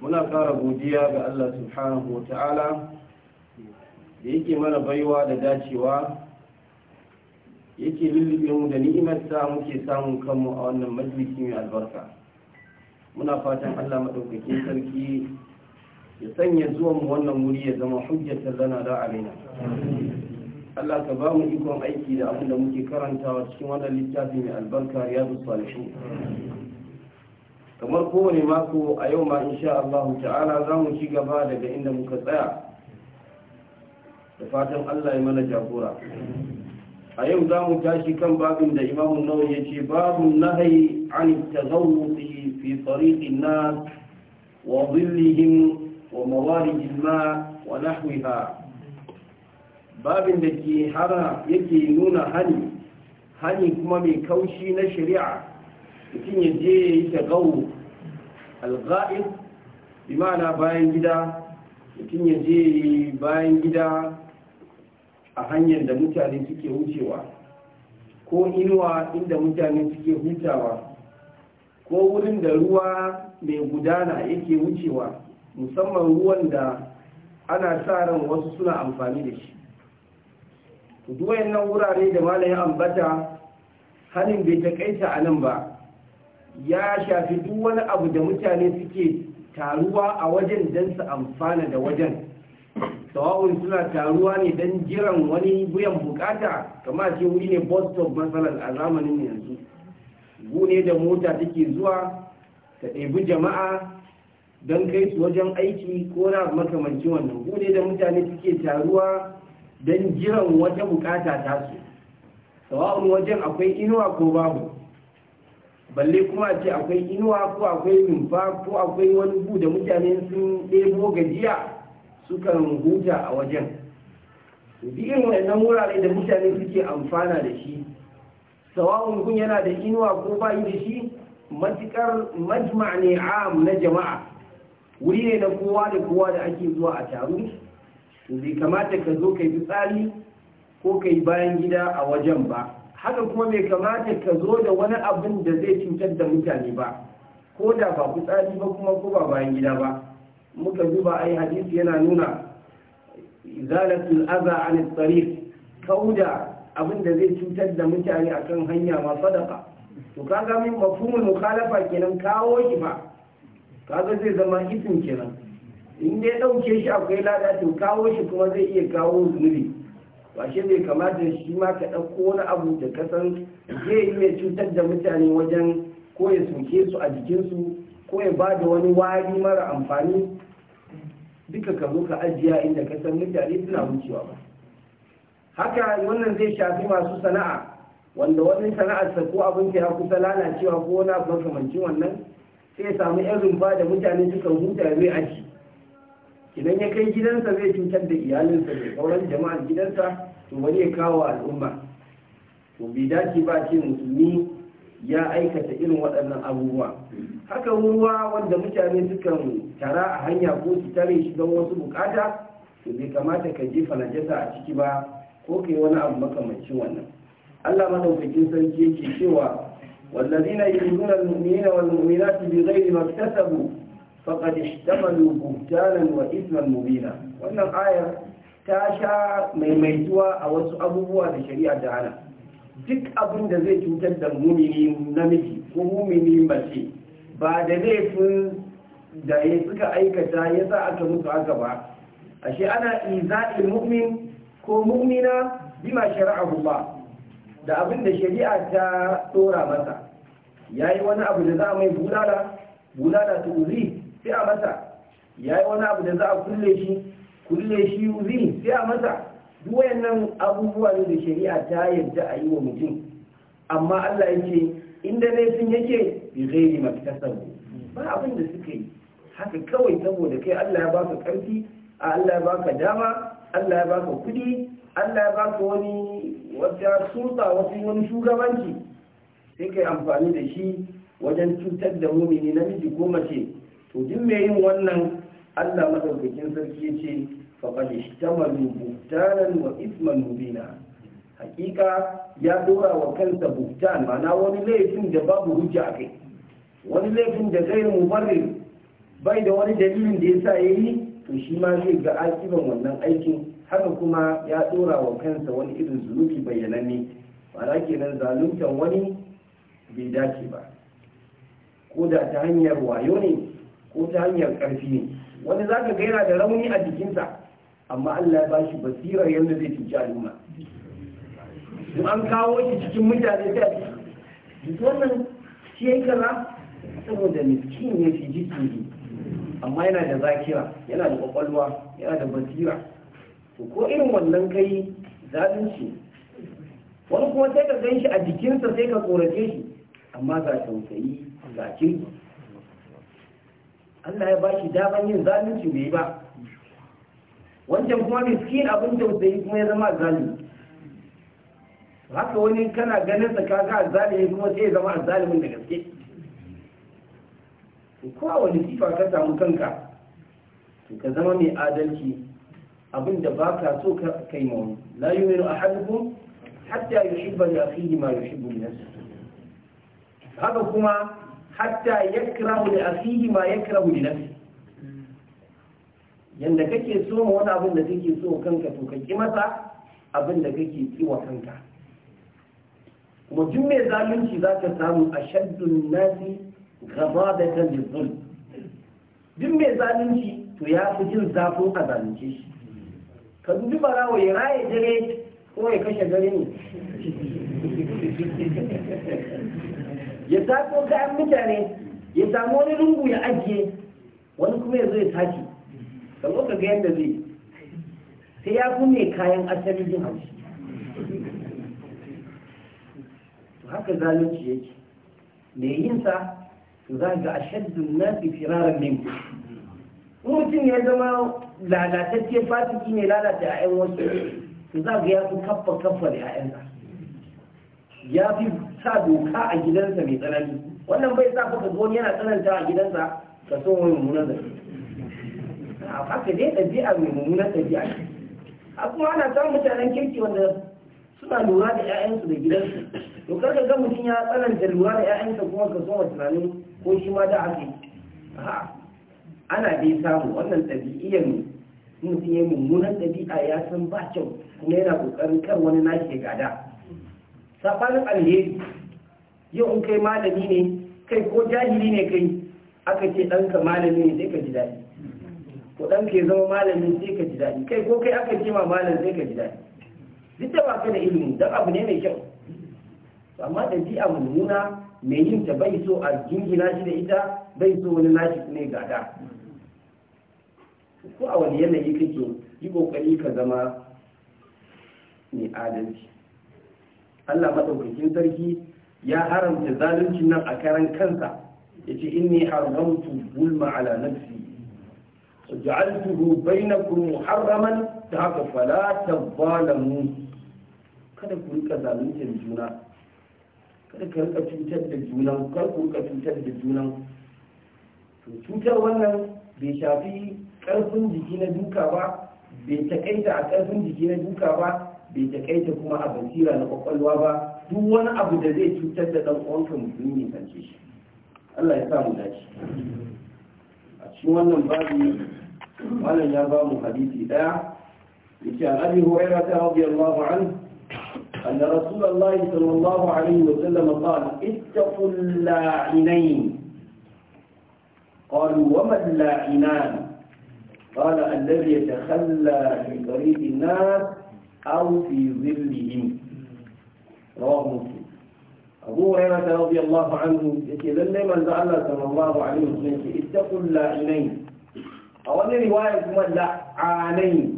muna ƙara godiya ga Allah subhanahu wa ta'ala da yake mana baiwa da dacewa yake lullube mu da ni'imarsa muke samun kanmu a wannan majalisi mai albarka muna fatan Allah maɗaukakin sarki ya sanya zuwan mu wannan wuri ya zama hujjatar lana da alina Allah ka ba mu ikon aiki da abin da muke karantawa cikin wannan littafi mai albarka riyadu salihin kamar kowane mako a yau ma insha Allah ta'ala za mu ci gaba daga inda muka tsaya da fatan Allah ya mana jagora a yau za mu tashi kan babin da imamun nawawi ya ce babun nahayi an tazawwuti fi tariqin nas wa dhillihim wa mawarij ma wa nahwiha babin da ke hana yake nuna hani hani kuma mai kaushi na shari'a mutum ya je ya yi ta gawo alga'in bi ma'ana bayan gida mutum ya je ya yi bayan gida a hanyar da mutane suke wucewa ko inuwa inda mutane suke hutawa ko wurin da ruwa mai gudana yake wucewa musamman ruwan da ana sa ran wasu suna amfani da shi duwayen nan wurare da malayin ambata hannun bai takaita a nan ba ya shafi duk wani abu da mutane suke taruwa a wajen don su amfana da wajen sawa'un suna taruwa ne don jiran wani buyan bukata kama ce wuri ne bus matsalar a zamanin yanzu gune da mota take zuwa ta ɗabi jama'a don kai su wajen aiki ko na makamanci wannan gune da mutane suke taruwa don jiran wata bukata su. sawa'un wajen akwai inuwa ko babu balle kuma a ce akwai inuwa ko akwai rumfa ko akwai wani bu da mutane sun ɗebo gajiya sukan huta a wajen biyan wannan wurare da mutane suke amfana da shi sawa'un kun yana da inuwa ko ba da shi matukar majma ne am na jama'a wuri ne na kowa da kowa da ake zuwa a taru zai kamata ka zo ka yi tsari ko ka yi bayan gida a wajen ba haka kuma bai kamata ka zo da wani abin da zai cutar da mutane ba ko da ba fitsari ba kuma ko ba bayan gida ba muka duba ai hadisi yana nuna izalatul aza an tariq kauda abin da zai cutar da mutane akan hanya ma sadaka to kaga min mafhumul mukhalafa kenan kawo shi ba kaga zai zama isin kenan in dai dauke shi akwai lada to kawo shi kuma zai iya kawo zunubi ba shi bai kamata shi ma ka ɗauko wani abu da kasan zai mai cutar da mutane wajen ko ya su a jikinsu ko ya ba da wani wari mara amfani duka ka zo ka ajiya inda kasan mutane suna wucewa ba haka wannan zai shafi masu sana'a wanda wani sana'arsa ko ka ya kusa lalacewa ko wani abu makamancin wannan sai ya samu yan rumfa da mutane suka huta zai aji idan ya kai gidansa zai cutar da iyalinsa da sauran jama'ar gidansa to wani ya kawo al'umma to bai dace ba ce musulmi ya aikata irin waɗannan abubuwa haka ruwa wanda mutane sukan tara a hanya ko su tare shi don wasu bukata to bai kamata ka jefa najasa a ciki ba ko kai wani abu makamancin wannan Allah madaukakin sarki yake cewa wallazina yu'minuna al-mu'minina wal-mu'minati ma faqad ihtamalu buhtanan wa ithman mubina wannan ayar ta sha maimaituwa a wasu abubuwa da shari'a da ana. duk abin da zai cutar da mumini namiji ko mumini mace ba da laifin da ya suka aikata ya sa aka mutu haka ba ashe ana iza'il mu'min ko mu'mina bima shari'a ba da abin da shari'a ta tsora masa yayi wani abu da za mai bulala bulala ta sai a masa ya yi wani abu da za a kulle shi kulle shi yuzi sai a masa duwayen nan abubuwa ne da shari'a ta yadda a yi wa mutum amma Allah ya ce inda sun yake bi mafi kasar ba abin da suka yi haka kawai saboda kai Allah ya ba ka karfi Allah ya ba ka dama Allah ya ba ka kudi Allah ya ba ka wani wata sulta wasu wani shugabanci sai kai amfani da shi wajen cutar da mumini namiji ko mace to din mai yin wannan Allah madaukakin sarki yace faqad ishtamalu buhtanan wa isman mubina hakika ya dora wa kansa buhtan mana wani laifin da babu hujja kai, wani laifin da mu bari, bai da wani dalilin da yasa yayi to shi ma zai ga akiban wannan aikin haka kuma ya dora wa kansa wani irin zunubi bayyananne ma'ana kenan zaluntan wani bai dace ba ko da ta hanyar wayo ne ko ta hanyar ƙarfi ne wani za ka gaira da rauni a jikinsa amma allah ba shi basirar yadda zai cuci al'umma in an kawo shi cikin mutane ta duk wannan shi ya saboda miskin ya fi jiki amma yana da zakira yana da kwakwalwa yana da basira to ko irin wannan kai shi wani kuma sai ka gan shi a jikinsa sai ka tsorace shi amma ga tausayi ga kirki Allah ya bashi daman yin zalunci bai ba wancan kuma miskin abin tausayi kuma ya zama zalimi haka wani kana ganin sa kaga azzalimi kuma sai ya zama azzalimin da gaske ko wani sifa ka samu kanka to ka zama mai adalci abin da ba ka so ka kai ma wani la yu'minu ahadukum hatta yuhibba li akhihi ma yuhibbu li nafsihi haka kuma hatta yakrahu da asihi ma yakrahu da nafsi yanda kake so ma wani abin da kake so kanka to ka ki masa abin da kake ki wa kanka kuma duk mai zalunci za ka samu a shaddun nasi gaba da kan lizzul duk mai zalunci to ya fi jin zafin a zalunce shi ka dubi barawo ya raye dare ko ya kashe dare ne ya sako kayan mutane ya samu wani lungu ya ajiye wani kuma ya zo ya tashi kamar ka ga yadda zai sai ya kunne kayan asali jin haushi to haka zalunci yake me yin sa za ga ashaddun nasi firaran min mutum ya zama lalatacce fatiki ne lalata 'ya'yan wasu za ga ya fi kaffa kaffa da 'ya'yansa ya fi sa doka a gidansa mai tsanani wannan bai sa kuka zuwa yana tsananta a gidansa ka so wani mummunan zafi a haka dai ɗabi'a mai mummunan ɗabi'a a kuma ana samun mutanen kirki wanda suna lura da 'ya'yansu da gidansu to karka ga mutum ya tsananta lura da 'ya'yansa kuma ka so tunanin ko shi ma da haka ana dai samu wannan ɗabi'iyyar mutum ya mummunan ɗabi'a ya san ba kyau kuma yana ƙoƙarin kar wani nashi gada safanin alheri yau in kai malami ne kai ko jahili ne kai aka ce ɗanka malami ne sai ka ji daɗi ko ɗanka ya zama malami sai ka ji daɗi kai ko kai aka ce ma malam sai ka ji daɗi duk da baka da ilimi don abu ne mai kyau amma da ji a mummuna mai yin ta bai so a jingina shi da ita bai so wani nashi ne gada ko a wani yanayi kake yi kokari ka zama mai adalci Allah madaukakin sarki ya haramta zalunci nan a karan kansa ya yace inni haramtu zulma ala nafsi na bainakum muharraman ta haka fala tadhalamu kada ku rika zaluncin juna kada ka rika cutar da junan kar ku rika cutar da junan to cutar wannan bai shafi ƙarfin jiki na duka ba bai takaita a ƙarfin jiki na duka ba bai takaita kuma a basira na kwakwalwa ba duk wani abu da zai cutar da ɗan uwanka musulmi ne kance shi Allah ya samu dace a cikin wannan babu wannan ya ba mu hadisi daya yace an abi hurairah radiyallahu anhu أن رسول الله صلى الله عليه وسلم قال اتقوا اللاعنين قالوا وما اللاعنان قال الذي يتخلى في طريق الناس awufi zillihim rawar musu abu yana ta rabi Allah fa hannu ya ce lallai man za Allah ta mamba wa alim sun ce a wani riwaya kuma la'anai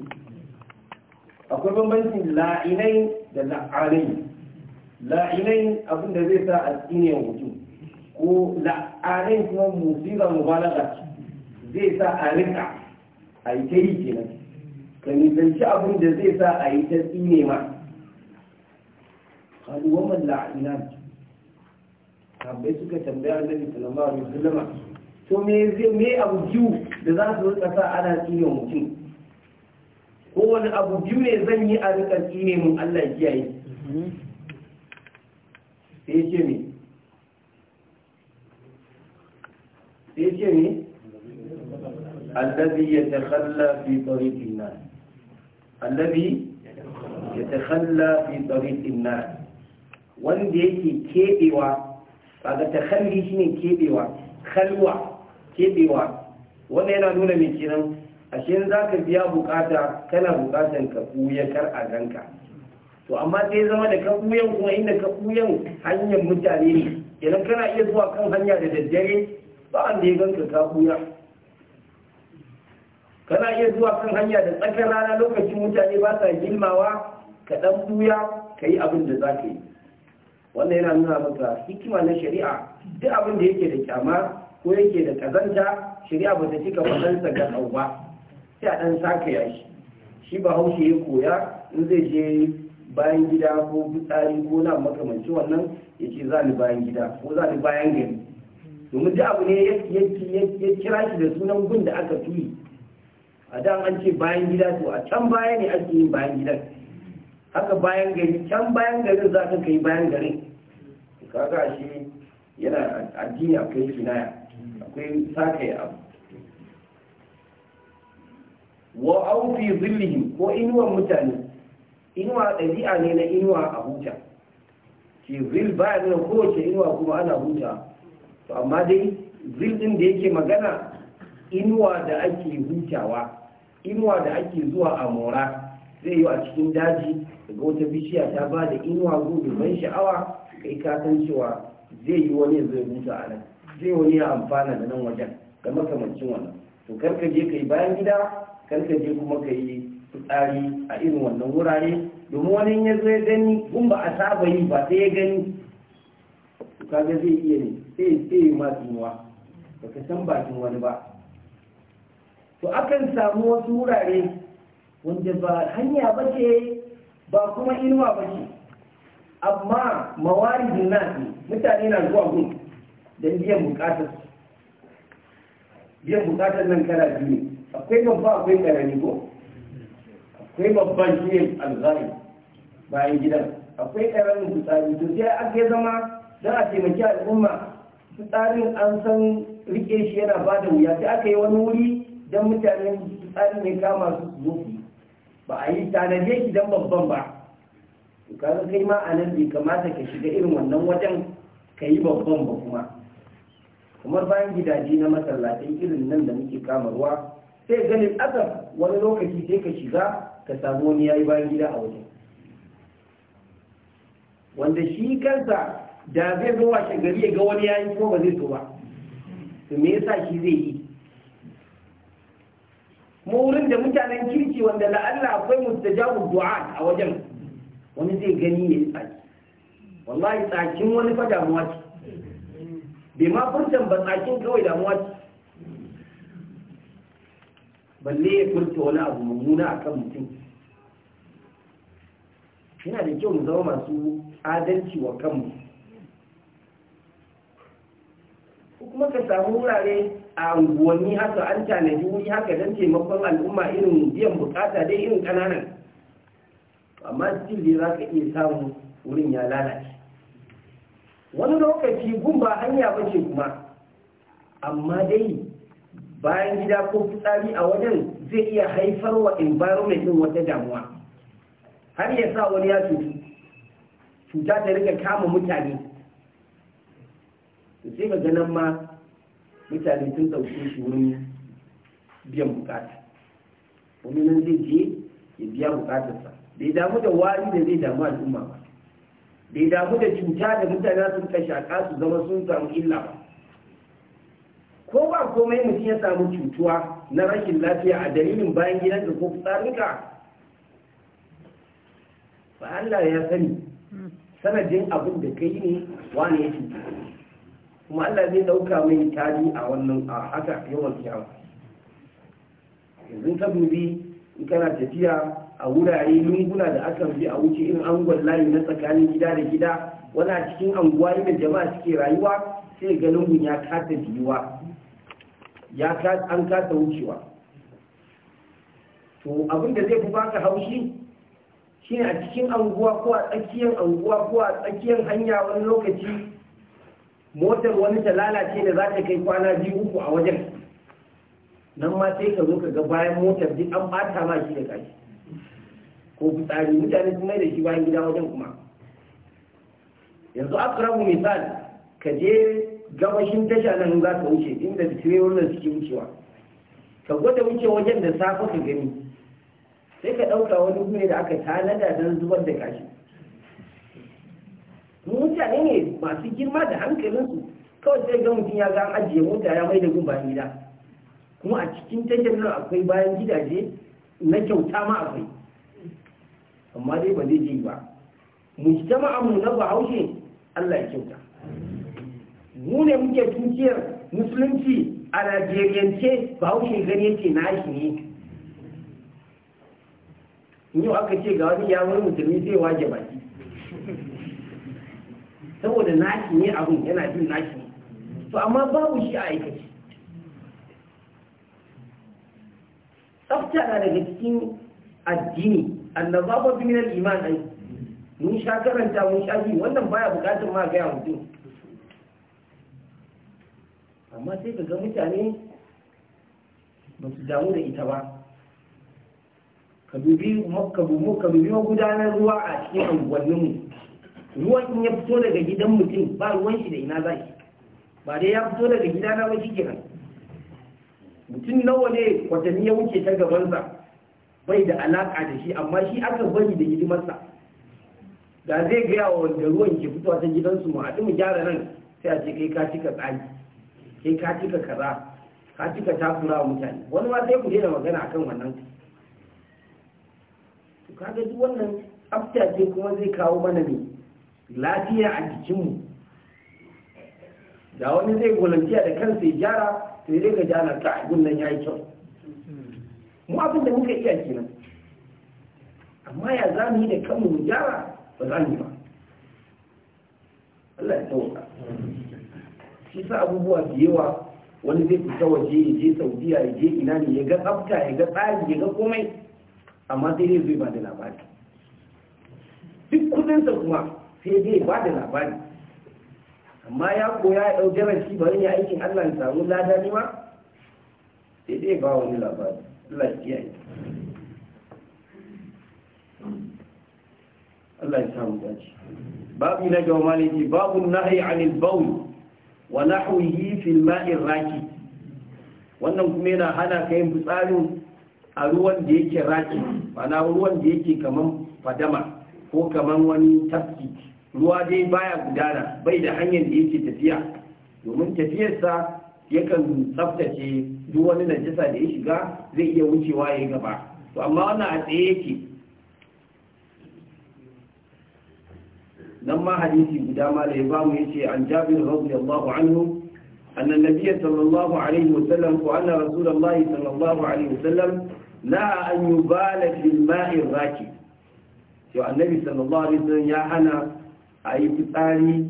akwai bambanci la'inai da la'anai la'inai abinda zai sa a tsine ya mutu ko la'anai kuma musiba mubalaga zai sa a rika a yi ta yi kenan ka nisanci abin da zai sa a yi ta tsine ma kalu wa malla'ina tabbai suka tambaya annabi sallallahu alaihi wasallam to me zai me abu biyu da za su rika sa ana tsine mutum kowane abu biyu ne zan yi a rika tsine mun Allah kiyaye sai ce ne sai ce ne الذي يتخلى في طريق الناس allazi yatakhalla fi tariqin nar wanda yake ga kaga takhalli shine keɓewa khalwa keɓewa wanda yana nuna mai kenan ashe za zaka biya bukata kana bukatan ka buya kar a ganka to amma sai zama da ka buyan kuma inda ka buyan hanyar mutane ne idan kana iya zuwa kan hanya da daddare ba an da ya ganka ka buya kana iya zuwa kan hanya da tsakar rana lokacin mutane ba sa gilmawa ka dan buya ka yi abin da za ka yi wannan yana nuna maka hikima na shari'a duk abin da yake da kyama ko yake da kazanta shari'a ba ta cika wannan ga ga ba sai a dan saka ya shi shi ba haushe ya koya in zai je bayan gida ko fitsari ko na makamanci wannan ya ce za ni bayan gida ko za ni bayan gari domin duk abu ne ya kira shi da sunan gun da aka tuyi a da an ce bayan gida to a can baya ne ake yin bayan gidan haka bayan gari can bayan garin za ka kai bayan garin kaga shi yana addini akwai kinaya akwai sakai abu wa fi zillihi ko inuwar mutane inuwa ɗabi'a ne na inuwa a huta ke zil baya nuna kowace inuwa kuma ana huta to amma dai zil ɗin da yake magana inuwa da ake hutawa inuwa da ake zuwa a mora zai yi a cikin daji daga wata bishiya ta ba da inuwa gobe ban sha'awa kai ka cewa zai yi wani ya zai huta a nan zai wani ya amfana da nan wajen ga makamancin wannan to karka je ka yi bayan gida karka je kuma ka yi fitsari a irin wannan wurare domin wani ya zai gani kun ba a saba yi ba sai ya gani kaga zai iya ne sai sai ma ba baka san bakin wani ba to akan samu wasu wurare wanda ba hanya ba ce ba kuma inuwa ba ce amma mawaridin nasi mutane na zuwa gun don biyan bukatar biyan bukatar nan kana biyu akwai babba akwai karami ko akwai babban shi ne alzari bayan gidan akwai karamin fitsari to sai aka zama don a taimaki al'umma fitsarin an san rike shi yana ba da wuya sai aka yi wani wuri don mutanen tsari ne kama su ba a yi tanaje ki don babban ba kaga kai ma a nan bai kamata ka shiga irin wannan wajen ka yi babban ba kuma kamar bayan gidaje na masallatai irin nan da muke kama ruwa sai ganin asar wani lokaci sai ka shiga ka samu wani yayi bayan gida a wajen wanda shi kansa da zai zo washe gari ya ga wani yayi ko ba zai zo ba to me yasa shi zai yi mu wurin da mutanen kirki wanda Allah akwai mustajabu du'a a wajen wani zai gani ya tsaki wallahi tsakin wani fa damuwa ce bai ma furtan ba tsakin kawai damuwa ce balle ya furta wani abu mummuna akan mutum yana da kyau mu zama masu adalci wa kanmu kuma ka samu wurare a unguwanni haka an tanadi wuri haka don taimakon al'umma irin biyan bukata dai irin kananan amma still za ka iya samun wurin ya lalace wani lokaci gun ba hanya ba ce kuma amma dai bayan gida ko fitsari a wajen zai iya haifar wa environment din wata damuwa har ya sa wani ya cutu cuta ta rika kama mutane sai ga ganin ma mutane sun ɗauke shi wurin biyan bukata wani nan zai je ya biya bukatarsa bai damu da wari da zai damu al'umma ba bai damu da cuta da mutane sun ka shaka su zama sun samu illa ba ko ba komai mutum ya samu cutuwa na rashin lafiya a dalilin bayan gidanka ko fitsarinka ba Allah ya sani hmm. sanadin abin da kai ne wani ya cuta kuma Allah zai dauka mai tadi a wannan a haka yawan kiyama yanzu ka dubi in kana tafiya a wurare lunguna da aka bi a wuce irin angon layi na tsakanin gida da gida wani cikin anguwa inda jama'a suke rayuwa sai ga lungun ya kasa biyuwa ya an kasa wucewa to abin da zai fi baka haushi shine a cikin anguwa ko a tsakiyar anguwa ko a tsakiyar hanya wani lokaci motar wani ta lalace da za ta kai kwana biyu uku a wajen nan ma sai ka zo ka ga bayan motar duk an bata ma shi da kashi ko fitsari mutane sun mai da shi bayan gida wajen kuma yanzu akrabu misali ka je gabashin tasha nan za ka wuce inda tirewonin suke wucewa ka gwada wuce wajen da safe ka gani sai ka ɗauka wani gume da aka tanada don zubar da kashi mutane ne masu girma da hankalinsu kawai sai ga mutum ya ga ajiye mota ya mai da gumba gida kuma a cikin tashar nan akwai bayan gidaje na kyauta ma akwai amma dai ba zai je ba mu na bahaushe Allah ya kyauta mu ne muke tunciyar musulunci a najeriyance bahaushe gani yake na shi ne in yau aka ce ga wani yawon musulmi zai waje baki saboda nashi ne abin yana jin nashi to amma babu shi a aikace tsafta na daga cikin addini annababa bi min iman ai mun sha karanta mun sha biyu wannan baya bukatun ma ga mutum amma sai ka ga mutane ba su damu da ita ba ka dubi ka dubi gudanar ruwa a cikin unguwanninmu ruwan in ya fito daga gidan mutum ba ruwan shi da ina za shi ba dai ya fito daga gida na wasu kiran mutum nawa ne kwatanni ya wuce ta gabansa bai da alaka da shi amma shi aka bari da hidimarsa da zai gaya wa wanda ruwan ke fitowa ta gidansu mu haɗu mu gyara nan sai a ce kai ka cika tsari kai ka cika kaza ka cika takura wa mutane wani ma sai ku daina magana akan wannan ka ga duk wannan tsafta ce kuma zai kawo mana ne lafiya a jikinmu da wani zai volunteer da kansa ya gyara to ya ga jana ta abin nan ya yi kyau mu abin da muka iya kenan amma ya za mu yi da kanmu mu gyara ba za mu ba Allah ya tawaka shi sa abubuwa da yawa wani zai fita waje ya je saudiya ya je ina ne ya ga tsafta ya ga tsari ya ga komai amma sai dai zai ba da labari duk kudinsa kuma sai dai ba da labari amma ya koya ya ɗau darasi bari ya aikin allah ya samu lada ne ma sai dai ba wani labari allah ya kiyaye Allah ya samu dace babu na ga maliki babu nahyi anil bawl wa nahwihi fil ma'ir raki wannan kuma yana hana kai fitsarin a ruwan da yake raki na ruwan da yake kaman fadama ko kaman wani tafki ruwa dai baya gudana bai da hanyar da yake tafiya domin tafiyarsa yakan tsaftace duk wani najasa da ya shiga zai iya wucewa ya gaba to amma wannan a tsaye yake nan ma hadisi guda ma da ya ba mu yace an jabir radiyallahu anhu أن النبي صلى الله عليه وسلم وأن رسول الله صلى الله عليه وسلم لا أن يبال في الماء الراكب yau annabi sallallahu alaihi wasallam ya hana a yi fitsari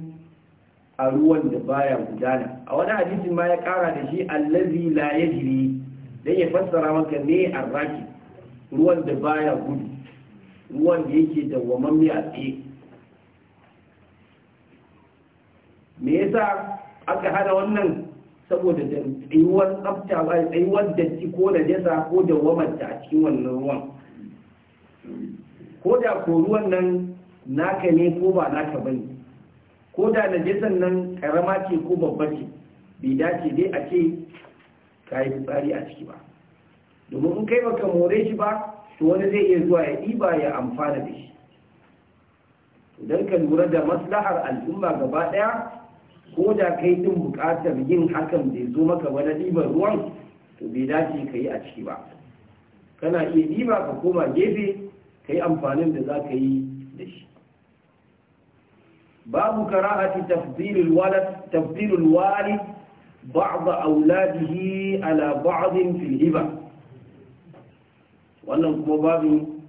a ruwan da baya gudana a wani hadisin ma ya kara da shi allazi la yajri dan ya fassara maka ne a arraki ruwan da baya gudu ruwan da yake da wamamme a tsaye me yasa aka hada wannan saboda da tsayuwar tsafta ba tsayuwar datti ko da jasa ko da wamanta a cikin wannan ruwan ko da ko ruwan nan naka ne ko ba naka bane ko da najisan nan karama ce ko babba ce bai dace dai a ce ka yi tsari a ciki ba domin in kai baka more shi ba to wani zai iya zuwa ya ɗiba ya amfana da shi idan ka lura da maslahar al'umma gaba ɗaya ko da kai din buƙatar yin hakan zai zo maka wani ɗiban ruwan to bai dace ka yi a ciki ba kana iya ɗiba ka koma gefe ka yi amfanin da za ka yi babu karahati تفضيل الولد تفضيل الوالد بعض auladihi ala بعض في wannan kuma babu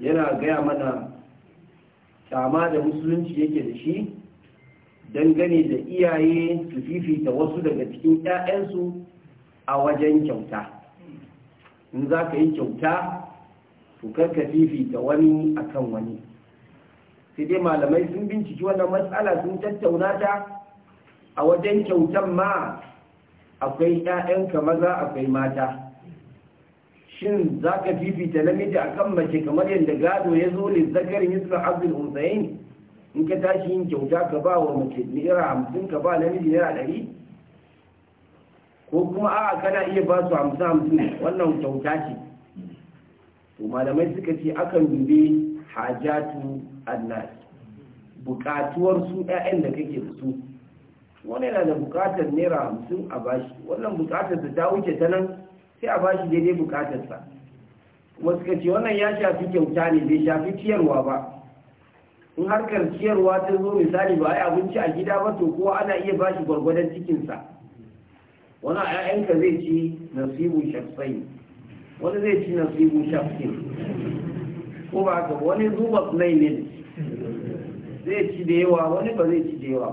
yana gaya mana kama da musulunci yake da shi dangane da iyaye su fifita wasu daga cikin 'ya'yansu a wajen kyauta in za ka yi kyauta to karka fifita wani akan wani sai dai malamai sun binciki wannan matsala sun tattauna ta a wajen kyautan ma akwai ka maza akwai mata shin za ka fifita namiji a kan mace kamar yadda gado ya zo ne zakar misra abdul hussein in ka tashi yin kyauta ka ba wa mace naira hamsin ka ba namiji naira ɗari ko kuma a'a kana iya ba su hamsin hamsin wannan kyauta ce to malamai suka ce akan dube hajatu annas bukatuwar su ƴaƴan da kake da su wani yana da bukatar naira hamsin a bashi wannan da ta wuce ta nan sai a bashi daidai bukatarsa kuma suka ce wannan ya shafi kyauta ne bai shafi ciyarwa ba in harkar ciyarwa ta zo misali ba ayi abinci a gida ba to kowa ana iya bashi gwargwadon cikinsa wani a 'ya'yanka zai ci nasibu shafsai wani zai ci nasibu shafsai ko ba haka wani zuba mai ne zai ci da yawa wani ba zai ci da yawa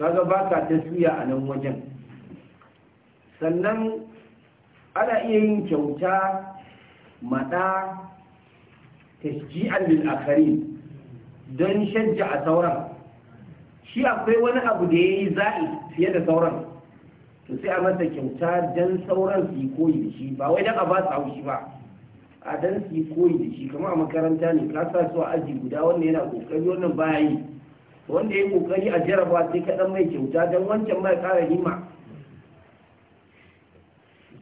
kaga ba ka suya a nan wajen sannan ana iya yin kyauta maɗa tasji'an lil akari don shajja a sauran shi akwai wani abu da ya yi za'i fiye da sauran to sai a masa kyauta don sauran su yi koyi da shi ba wai don a ba su haushi ba a dan su yi koyi da shi kamar a makaranta ne ka sa su a aji guda wanda yana kokari wannan baya yi wanda ya kokari a jaraba sai kaɗan mai kyauta don wancan mai ƙara hima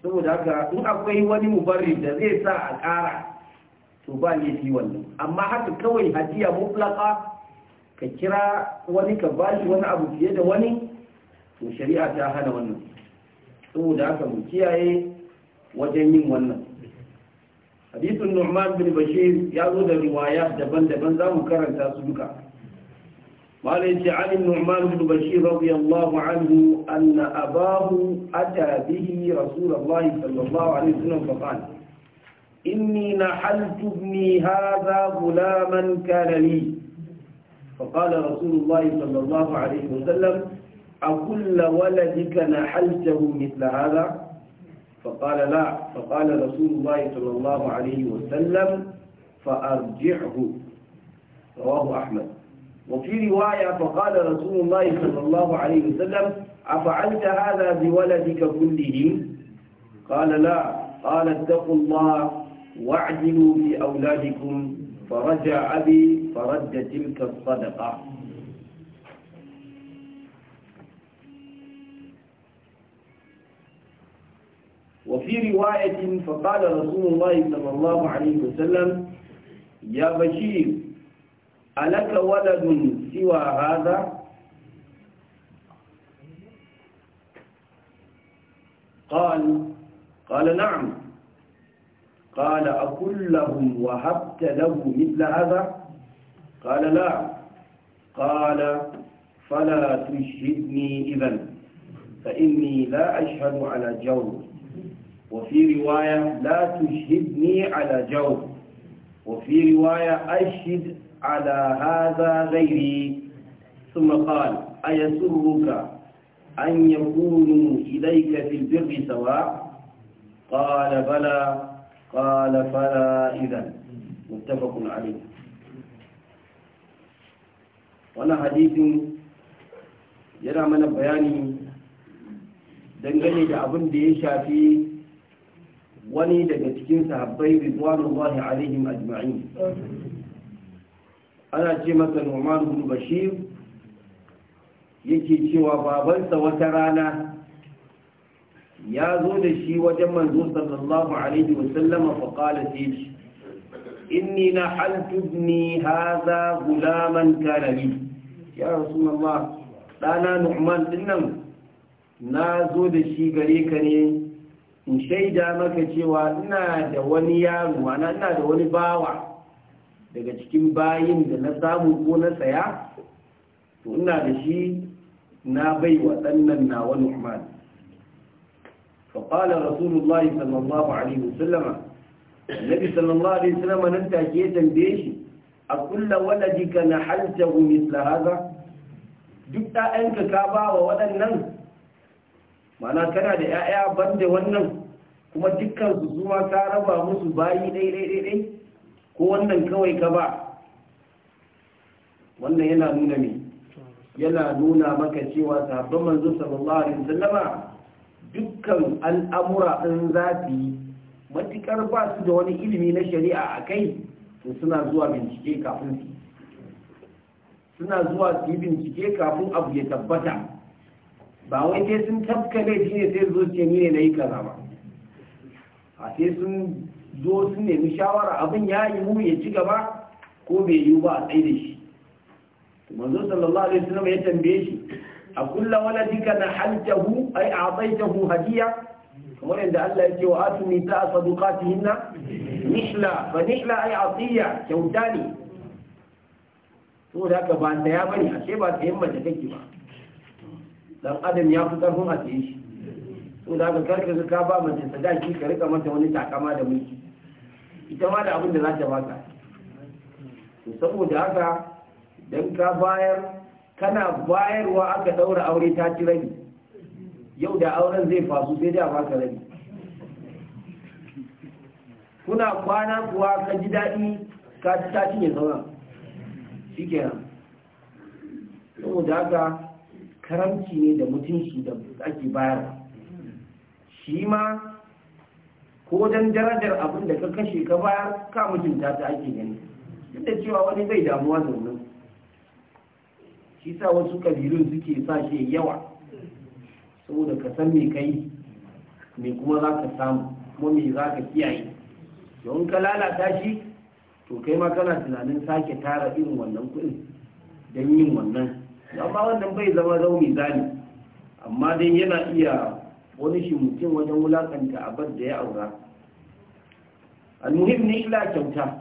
saboda haka in akwai wani mubarri da zai sa a ƙara to ba ne fi wannan amma haka kawai hadiya mutlaka ka kira wani ka bashi wani abu fiye da wani to shari'a ta hana wannan saboda haka mu kiyaye wajen yin wannan hadisin Nu'man bin Bashir ya zo da riwaya daban-daban za mu karanta su duka malai ce an Nu'man bin Bashir radiyallahu anhu anna abahu ata bihi rasulullahi sallallahu alaihi wasallam fa qala inni nahaltu ibni hadha gulaman kana li فقال رسول الله صلى الله عليه وسلم أكل ولدك نحلته مثل هذا فقال لا فقال رسول الله صلى الله عليه وسلم فأرجعه رواه أحمد وفي رواية فقال رسول الله صلى الله عليه وسلم أفعلت هذا بولدك كله قال لا قال اتقوا الله واعدلوا بأولادكم فرجع أبي فرد تلك الصدقة وفي رواية فقال رسول الله صلى الله عليه وسلم يا بشير ألك ولد سوى هذا قال قال نعم قال أكلهم وهبت له مثل هذا قال لا قال فلا تشهدني إذا فإني لا أشهد على جور وفي رواية لا تشهدني على جو وفي رواية أشهد على هذا غيري ثم قال أيسرك أن يكون إليك في البر سواء قال بلى قال فلا إذا متفق عليه وانا حديث yana mana bayani dangane da abin da ya shafi wani daga cikin sahabbai ridwanullahi alaihim ajma'in ana ce masa Nu'man ibn Bashir yake cewa babansa wata rana ya zo da shi wajen manzo sallallahu alaihi sallam fa qala tish inni na haltubni hadha gulaman kana li ya rasulullah dana Nu'man dinnan na zo da shi gare ka ne in shaida maka cewa ina da wani yaro ana ina da wani bawa daga cikin bayin da na samu ko na saya to ina da shi na bai wa ɗannan na wani umar faƙalar rasulullahi sallallahu alaihi wasallama nabi sallallahu alaihi wasallama nan take tambaye shi a kulla waladika na haltahu misla haza duk ɗayanka ka ba wa waɗannan mana kana da 'ya'ya da wannan kuma dukkan su zuwa ka raba musu bayi dai dai dai ko wannan kawai ka ba wannan yana nuna ne yana nuna maka cewa sabon manzo sallallahu alaihi wasallam dukkan al'amura in zafi matukar ba su da wani ilimi na shari'a a kai to suna zuwa bincike kafin suna zuwa su yi bincike kafin abu ya tabbata ba wai sai sun tafka laifi ne sai zuciya ni ne na yi kaza ba a sai sun zo sun nemi shawara abin ya yi mu ya ci gaba ko bai yi ba a tsaye da shi manzo sallallahu alaihi wasallam ya tambaye shi a kulla waladika na haltahu ai a a'taitahu hadiya kamar yadda Allah ya ce wa ni ta sadaqatihinna nihla ba nihla ai asiya kyauta ne saboda haka ba da ya bane ashe ba ta yamma da kake ba dan adam ya fi karfin a tsaye shi sun da ka karka ka ba mace sadaki ka rika mata wani takama da mulki ita ma da abin da za ta baka to saboda haka dan ka bayar kana bayarwa aka daura aure ta ci rabi yau da auren zai fasu sai da baka rabi kuna kwana kuwa ka ji daɗi ka ci ta cinye sauran shi kenan saboda haka karamci ne da mutunci da ake bayarwa shi ma ko dan darajar abin da ka kashe ka baya ka mutunta ta ake gani duk da cewa wani bai damuwa da wannan shi sa wasu kabilun suke sa shi yawa saboda ka san me kai me kuma za ka samu kuma me za ka kiyaye don ka lalata shi to kai ma kana tunanin sake tara irin wannan kuɗin don yin wannan amma wannan bai zama zaune zane amma dai yana iya wani shi mutum wajen wulakanta abar da ya aura almuhim ne ila kyauta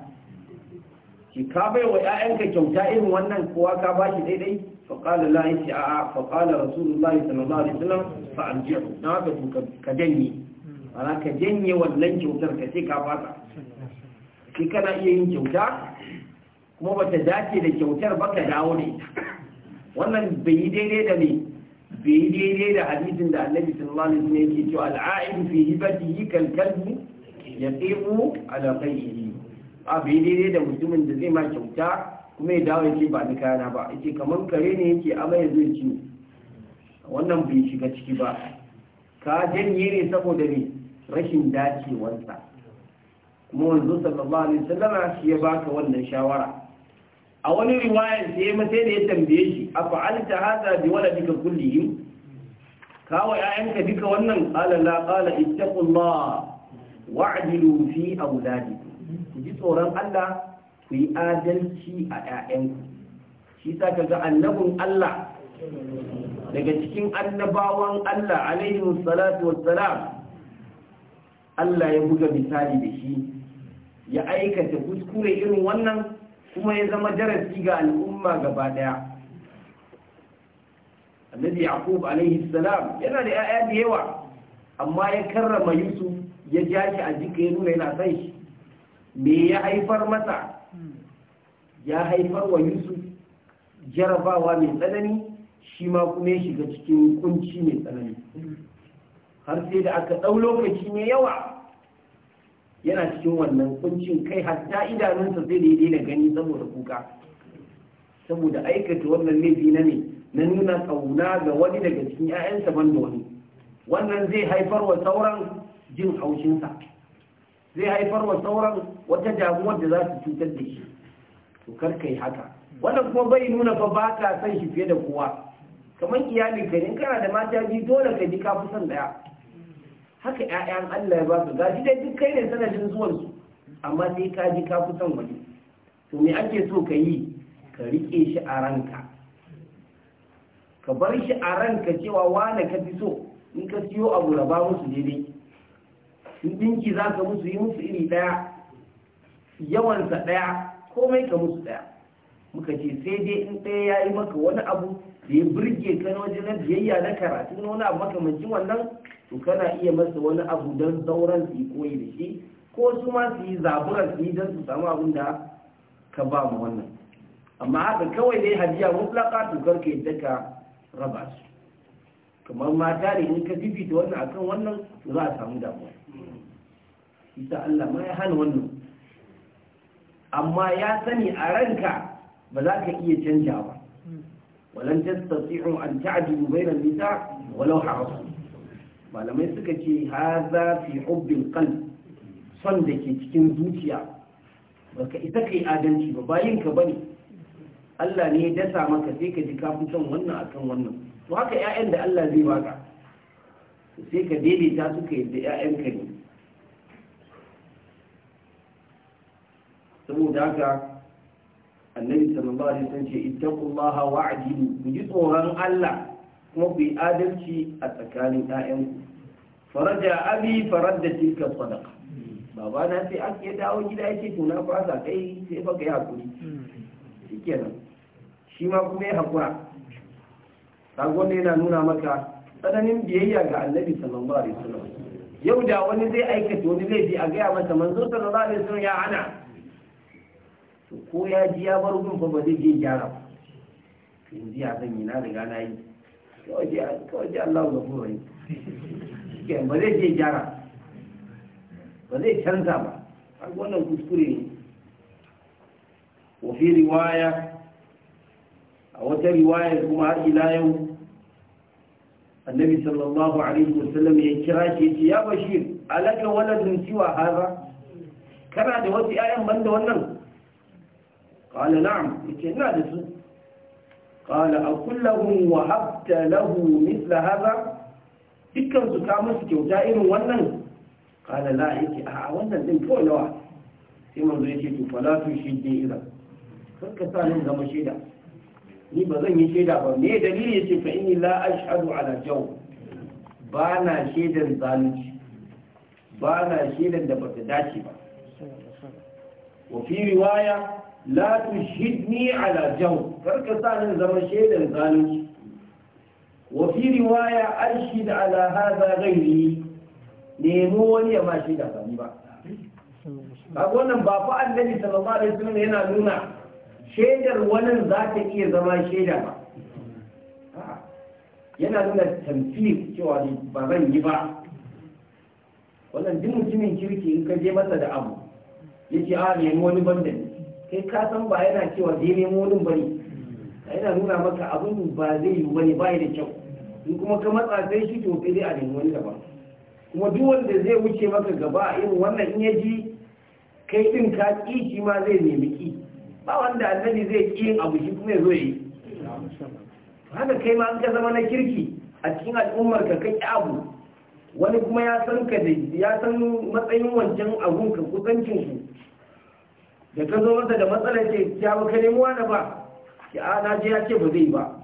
ki ka bai wa 'ya'yanka kyauta irin wannan kowa ka ba shi daidai faƙalar shi a faƙalar rasulullahi sallallahu alaihi wasallam fa'arjiya na haka ka janye ana ka janye wannan kyautar ka ce ka fasa shi kana iya yin kyauta kuma ba ta dace da kyautar ba ka dawo ne wannan bai yi daidai da ne bai yi daidai da hadisin da annabi sallallahu alaihi wasallam yake cewa al'ain fi hibatihi kal kalbi yaqimu ala qayyihi a bai daidai da mutumin da zai ma kyauta kuma ya dawo yake ba duka yana ba yake kamar kare ne yake amma ya zo ci wannan bai shiga ciki ba ka janye ne saboda ne rashin dacewarsa kuma wanzu sallallahu alaihi wasallam shi ya baka wannan shawara a wani riwayar sai sai da ya tambaye shi a fa'alta hada bi wala bika kullihim kawo ƴaƴanka duka wannan qala la qala ittaqullah wa'dilu fi awladikum ku ji tsoron Allah ku yi adalci a 'ya'yanku. shi sa ga annabin Allah daga cikin annabawan Allah alaihi salatu wassalam Allah ya buga misali da shi ya aikata kuskure irin wannan kuma ya zama darasi ga al'umma gaba daya annabi yaqub alaihi salam yana da 'ya'ya da yawa amma ya karrama yusuf ya ja shi a jika ya nuna yana san shi me ya haifar masa ya haifar wa yusuf jarabawa mai tsanani shi ma kuma ya shiga cikin kunci mai tsanani har sai da aka ɗau lokaci mai yawa yana cikin wannan kuncin kai hatta idanunsa sai da daina gani saboda kuka saboda aikata wannan laifi na ne na nuna kauna ga wani daga cikin 'ya'yansa ban da wani wannan zai haifar wa sauran jin haushinsa zai haifar wa sauran wata damuwar da za su cutar da shi to karka yi haka wannan kuma bai nuna fa ba ka san shi fiye da kowa kamar iyali ka kana da mata biyu dole ka ji ka fi son ɗaya. haka 'ya'yan Allah ya ba su gaji dai duk kai ne sanadin zuwan su amma sai ka ji ka kusan son wani to me ake so ka yi ka rike shi a ranka ka bar shi a ranka cewa wane ka fi so in ka siyo abu raba musu daidai in dinki za ka musu yi musu iri ɗaya yawansa ɗaya komai ka musu ɗaya muka ce sai dai in ɗaya ya yi maka wani abu da ya birge ka na wajen biyayya na karatu na wani abu makamancin wannan to kana iya masa wani abu don sauran su yi koyi da shi ko su ma su yi zaburar su yi don su samu abin da ka ba mu wannan amma haka kawai dai hajiya mutlaka to ka yadda ka raba su kamar mata ne in ka fifita wannan akan wannan to za a samu damuwa isa Allah ma ya hana wannan amma ya sani a ranka ba za ka iya canja ba walan tastati'u an ta'dilu bayna nisa walau harasu malamai suka ce haza fi hubbin kan son da ke cikin zuciya baka ita yi adalci ba bayan ka bane Allah ne ya dasa maka sai ka ji ka son wannan akan wannan to haka ƴaƴan da Allah zai baka sai ka daidaita su ka yadda ka ne saboda haka annabi sallallahu alaihi wasallam ce ittaqullaha wa'dilu ku ji tsoron Allah kuma ku yi adalci a tsakanin ƴaƴanku faraja abi faradda tilka sadaqa baba na sai ake dawo gida yake to na fasa kai sai baka yi hakuri shikenan shi ma kuma ya hakura kagon yana nuna maka tsananin biyayya ga annabi sallallahu alaihi wasallam yau da wani zai aikata wani laifi a gaya masa manzo sallallahu alaihi wasallam ya ana ko ya ji ya bar gun fa ba zai je gyara ba yanzu ya zan yi na riga na yi kawai ji Allah ga kuma yi ba zai je gyara ba zai canza ba har wannan kuskure ne wafi riwaya a wata riwaya kuma har ila yau annabi sallallahu alaihi wasallam ya kira shi ce ya bashir alaka waladun siwa haza kana da wasu 'ya'yan banda wannan qala na'am yace ina da su قال أكلهم وهبت له مثل هذا dukkan su ta musu kyauta irin wannan kala la yake a wannan din ko nawa sai manzo yake to fala tu shi ne idan Kar ka sa nan zama shaida ni ba zan yi shaida ba me dalili yace fa inni la ashhadu ala jaw ba na shaidan zalunci ba na shaidan da bata dace ba wa fi riwaya la tushidni ala jaw karka sa nan zama shaidan zalunci wa fi riwaya arshid ala hadha ghairi nemo wani ya ma shaida ba ba wannan ba fa annabi sallallahu alaihi wasallam yana nuna shaidar wannan za ta iya zama shaida ba yana nuna tamfir cewa ba zan yi ba wannan duk mutumin kirki in ka je masa da abu ya ce a nemi wani bandan kai ka san ba yana cewa je nemo wani bane hmm. yana nuna maka abin ba zai yi bane ba da kyau in kuma ka matsa sai shi to sai dai a nemi wani daban kuma duk wanda zai wuce maka gaba a irin wannan in ya ji kai din ka ki shi ma zai nemi ki ba wanda annabi zai ki yin abu shi kuma ya zo yi haka kai ma an ka zama na kirki a cikin al'ummar ka kai abu wani kuma ya san ka da ya san matsayin wancan abun ka kusancin ku da ka zo masa da matsalar ce ya ba ka nemi wani ba ki a na je ya ce ba zai ba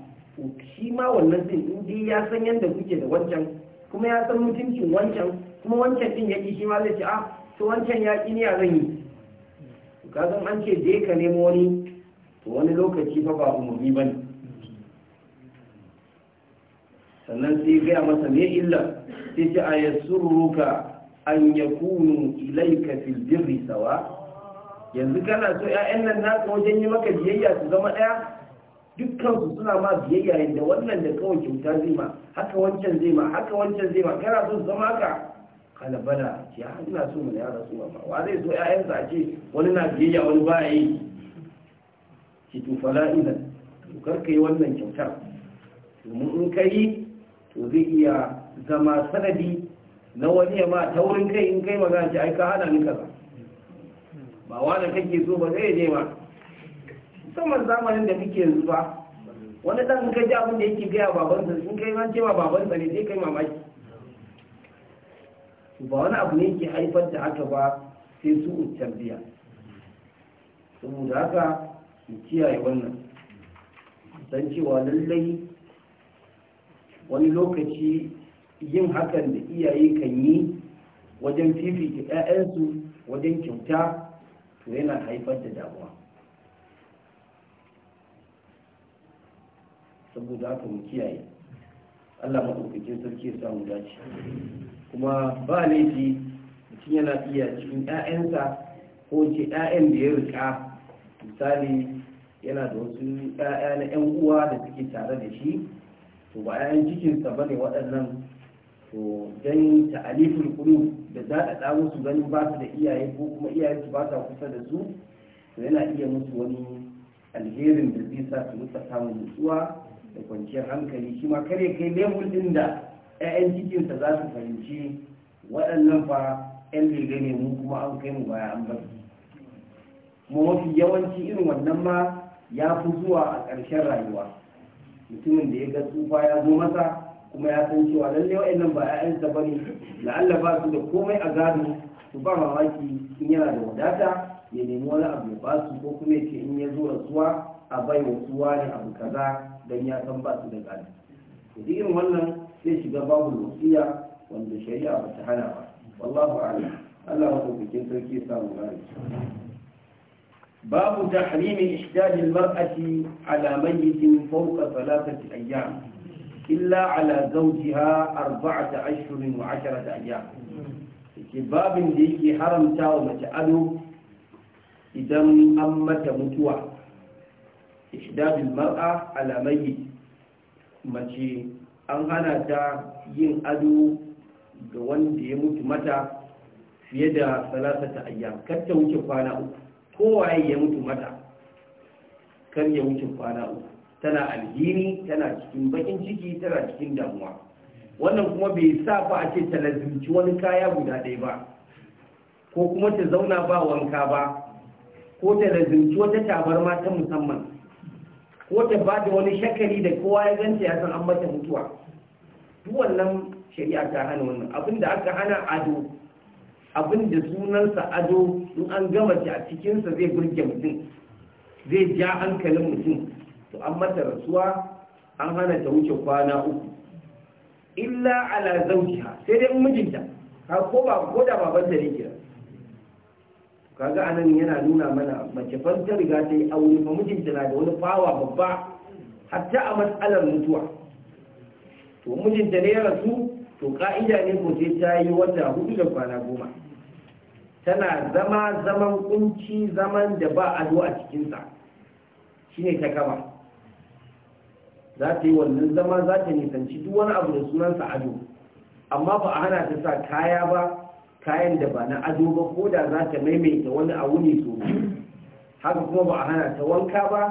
shi ma wannan din in dai ya san yadda kuke da wancan kuma ya san mutuncin wancan kuma wancan din yaki shi ma zai ce a to wancan ya ki ne a zan yi ka san an ce je ka nemo wani to wani lokaci fa ba umarni ba ne sannan sai gaya masa me illa sai ce a yasurruka an yakunu ilayka fil birri sawa yanzu kana so ƴaƴan nan naka wajen yi maka biyayya su zama ɗaya dukkan su suna ma biyayya inda wannan da kawai kyauta zai ma haka wancan zai ma haka wancan zai ma kana so su zama haka kana bana ce ina so mu ya rasu ba wa zai so ƴaƴansa a ce wani na biyayya wani ba yi ki to fala idan to kar yi wannan kyautar domin in ka yi to zai iya zama sanadi na wani ya ma taurin kai in kai magana ce ai ka hana ni kaza ba wani kake so ba zai je ba musamman zamanin da muke yanzu ba wani dan ka ji abin da yake gaya babansa sun kai ran cewa babansa ne sai kai mamaki ba wani abu ne yake haifar da haka ba sai su tarbiya saboda haka mu kiyaye wannan san cewa lallai wani lokaci yin hakan da iyaye kan yi wajen fifita 'ya'yansu wajen kyauta to yana haifar da damuwa saboda haka mu kiyaye Allah maɗaukakin sarki ya samu dace kuma ba laifi mutum yana iya cikin 'ya'yansa ko ce 'ya'yan da ya rika misali yana da wasu 'ya'ya na 'yan uwa da suke tare da shi to ba 'ya'yan cikinsa ba ne waɗannan to dan ta'alifin kulu da za a dawo su ganin ba su da iyaye ko kuma iyaye su ba sa kusa da su to yana iya musu wani alherin da zai sa su musa samun nutsuwa da kwanciyar hankali shi ma kare kai lebul din da 'ya'yan cikinsa za su fahimci waɗannan fa 'yan lege ne mu kuma an kai mu baya an bari kuma mafi yawanci irin wannan ma ya fi zuwa a ƙarshen rayuwa mutumin da ya ga tsufa ya zo masa kuma ya san cewa lalle wa'annan ba 'ya'yansa ba ne la'alla ba su da komai a gado su ba mamaki in yana da wadata ya nemi wani abu ya ba su ko kuma ya ce in ya zo rasuwa a bai wa suwa ne abu kaza don ya san ba su da gado to irin wannan zai shiga babu wasiya wanda shari'a ba ta hana ba wallahu a'lam Allah wa bikin sarki ya samu gari babu tahrimi ishdadil mar'ati ala mayyitin fawqa thalathati ayyam illa ala zawjiha arba'ata ashhurin wa asharata ayyam yake babin da yake haramta wa mace ado idan an mata mutuwa ihdabil mar'a ala mayyit mace an hana ta yin ado ga wanda ya mutu mata fiye da salasata ayyam kar ta wuce kwana uku kowaye ya mutu mata kar ya wuce kwana uku tana alhini tana cikin bakin ciki tana cikin damuwa wannan kuma bai sa ba a ce ta lazimci wani kaya guda ɗaya ba ko kuma ta zauna ba wanka ba ko ta lazimci wata tabarma ta musamman ko ta ba da wani shakari da kowa ya ganta ya san an mata mutuwa duk wannan shari'a ta hana wannan abin da aka hana ado abin da sunansa ado in an gama a cikinsa zai burge mutum zai ja hankalin mutum to an mata rasuwa an hana ta wuce kwana uku illa ala zawjiha sai dai mijinta ka ko ba ko da baban ta yake kaga anan yana nuna mana mace fa ta riga ta yi aure fa mijinta na da wani fawa babba hatta a matsalar mutuwa to mijinta ne ya rasu to ka'ida ne ko sai ta yi wata hudu da kwana goma tana zama zaman kunci zaman da ba ado a cikinsa shine ta kama. za ta yi wannan zama za ta nisanci duk wani abu da sunansa ado amma ba a hana ta sa kaya ba kayan da ba na ado ba ko da za ta maimaita wani abu ne so haka kuma ba a hana ta wanka ba